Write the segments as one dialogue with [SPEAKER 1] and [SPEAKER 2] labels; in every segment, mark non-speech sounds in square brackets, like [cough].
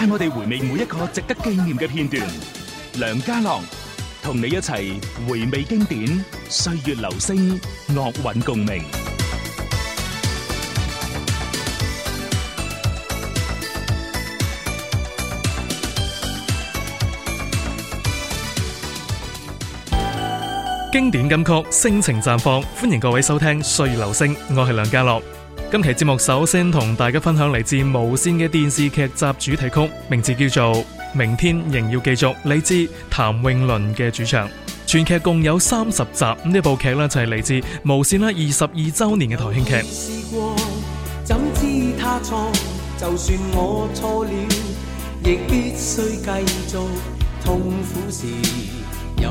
[SPEAKER 1] 帶
[SPEAKER 2] 我哋回味每一個值得紀念嘅片段，梁家樂同你一齊回味經典歲月留聲樂韻共鳴。
[SPEAKER 3] 經典金曲《聲情綻放》，歡迎各位收聽歲月留聲。我係梁家樂。今期節目首先同大家分享嚟自無綫嘅電視劇集主題曲，名字叫做《明天仍要繼續》，嚟自譚詠麟嘅主唱。全劇共有三十集，咁呢部劇咧就係
[SPEAKER 4] 嚟自無綫咧二十二周年嘅台慶劇。有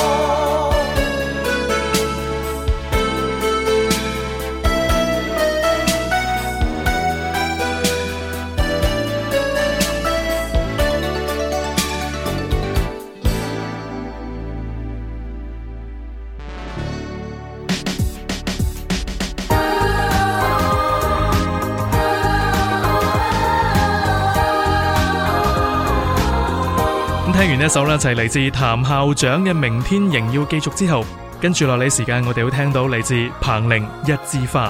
[SPEAKER 3] 聽完呢一首呢，就係嚟自譚校長嘅《明天仍要繼續》之後，跟住落嚟時間，我哋會聽到嚟自彭羚《一枝花》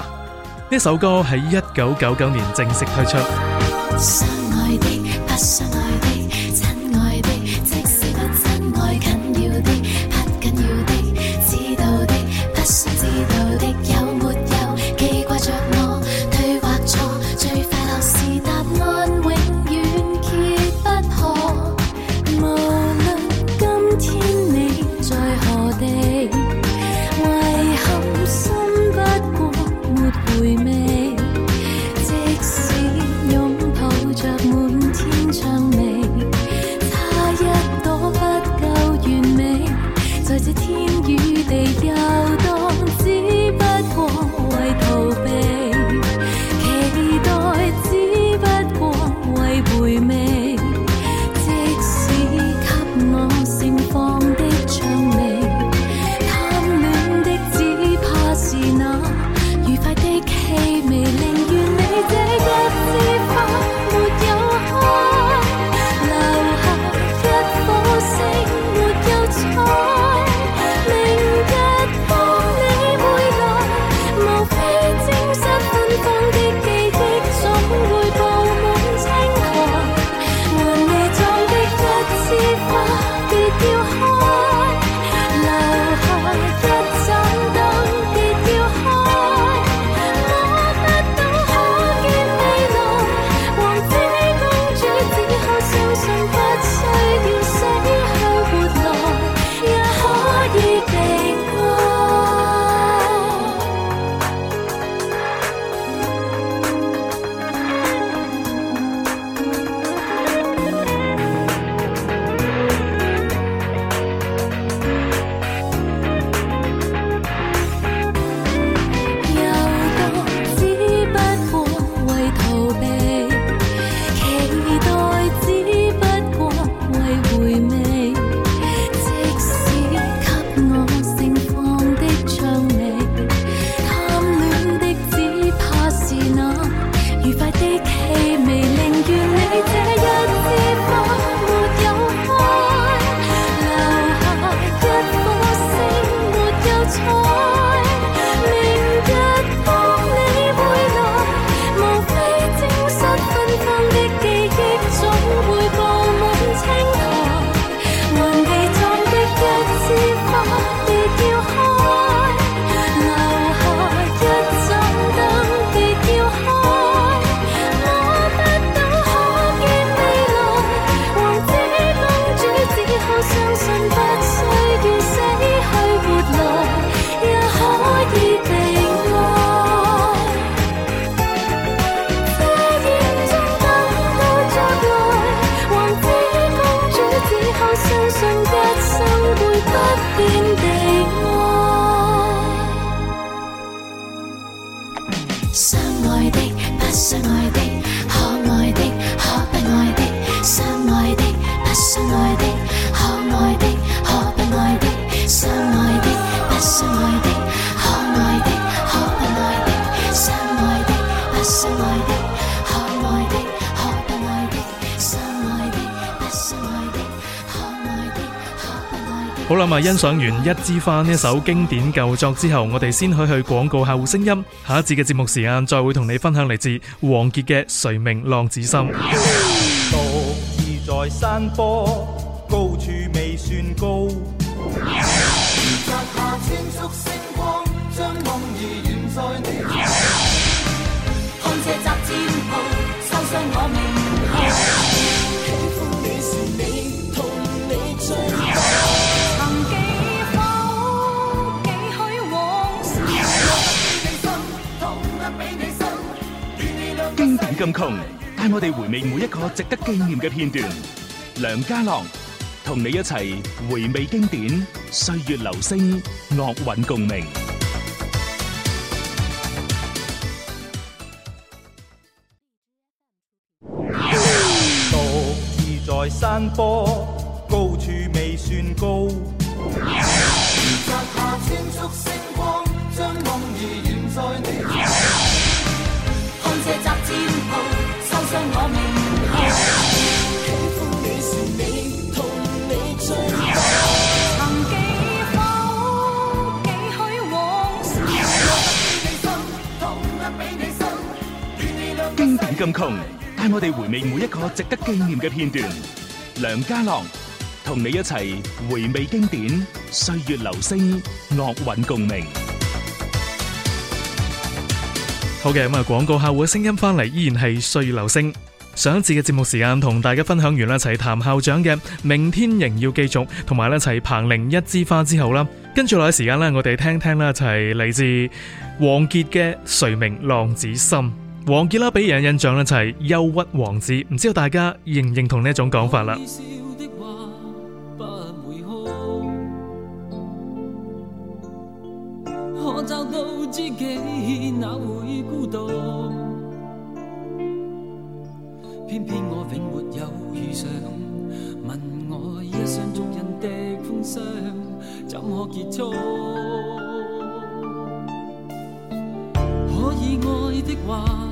[SPEAKER 3] 呢首歌，喺一九九九年正式推出。好啦，嘛欣賞完一支花呢首經典舊作之後，我哋先去去廣告客戶聲音，下一節嘅節目時間再會，同你分享嚟自王傑嘅《誰明浪子心》。
[SPEAKER 1] 獨
[SPEAKER 5] 自在山坡，高處未算高。
[SPEAKER 2] 咁窮，帶我哋回味每一個值得紀念嘅片段。梁家朗，同你一齊回味經典，歲月留聲，樂韻共鳴。
[SPEAKER 5] 獨自在山坡，高處未算高。
[SPEAKER 2] 咁窮，帶我哋回味每一個值得紀念嘅片段。梁家朗同你一齊回味經典，歲月留
[SPEAKER 3] 聲，樂韻共鳴。好嘅，咁啊，廣告後嘅聲音返嚟，依然係歲月留聲。上一次嘅節目時間，同大家分享完啦，一齊譚校長嘅明天仍要繼續，同埋咧一齊彭羚一枝花之後啦，跟住落去嘅時間咧，我哋聽聽咧一齊嚟自王傑嘅誰明浪子心。王傑啦，俾人印象咧，就係憂鬱王子，唔知道大家認唔認同呢一種講法啦。
[SPEAKER 6] 怎可結束？可以愛的話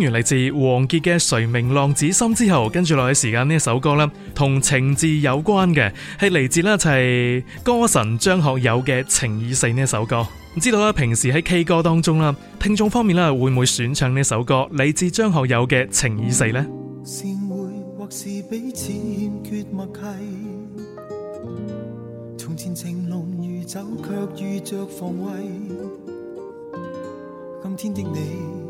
[SPEAKER 3] 原嚟自王傑嘅《誰明浪子心》之後，跟住落去時間呢一首歌啦，同情字有關嘅，係嚟自咧就係歌神張學友嘅《情已逝》呢首歌。唔、就是、知道咧，平時喺 K 歌當中啦，聽眾方面咧會唔會選唱呢首歌嚟自張學友嘅《情
[SPEAKER 5] 已逝》你。 [music] [music]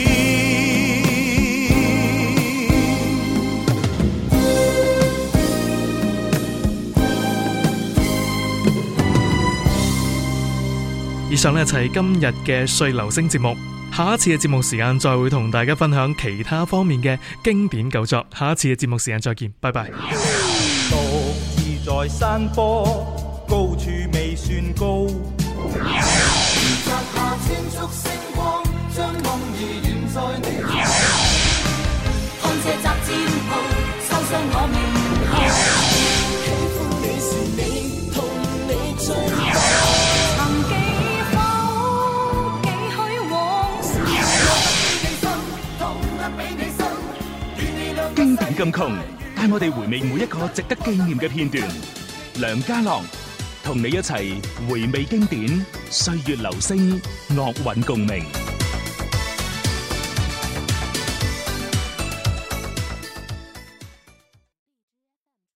[SPEAKER 3] 上一齊今日嘅歲月留聲節目，下一次嘅節目時間再會同大家分享其他方面嘅經典舊作，下一次嘅節目時間再見，拜拜。
[SPEAKER 1] 獨
[SPEAKER 5] 自在山坡，高處未算高。
[SPEAKER 2] 咁窮，帶我哋回味每一個值得紀念嘅片段。梁家朗，同你一齊回味經典，歲月留聲，樂韻共鳴。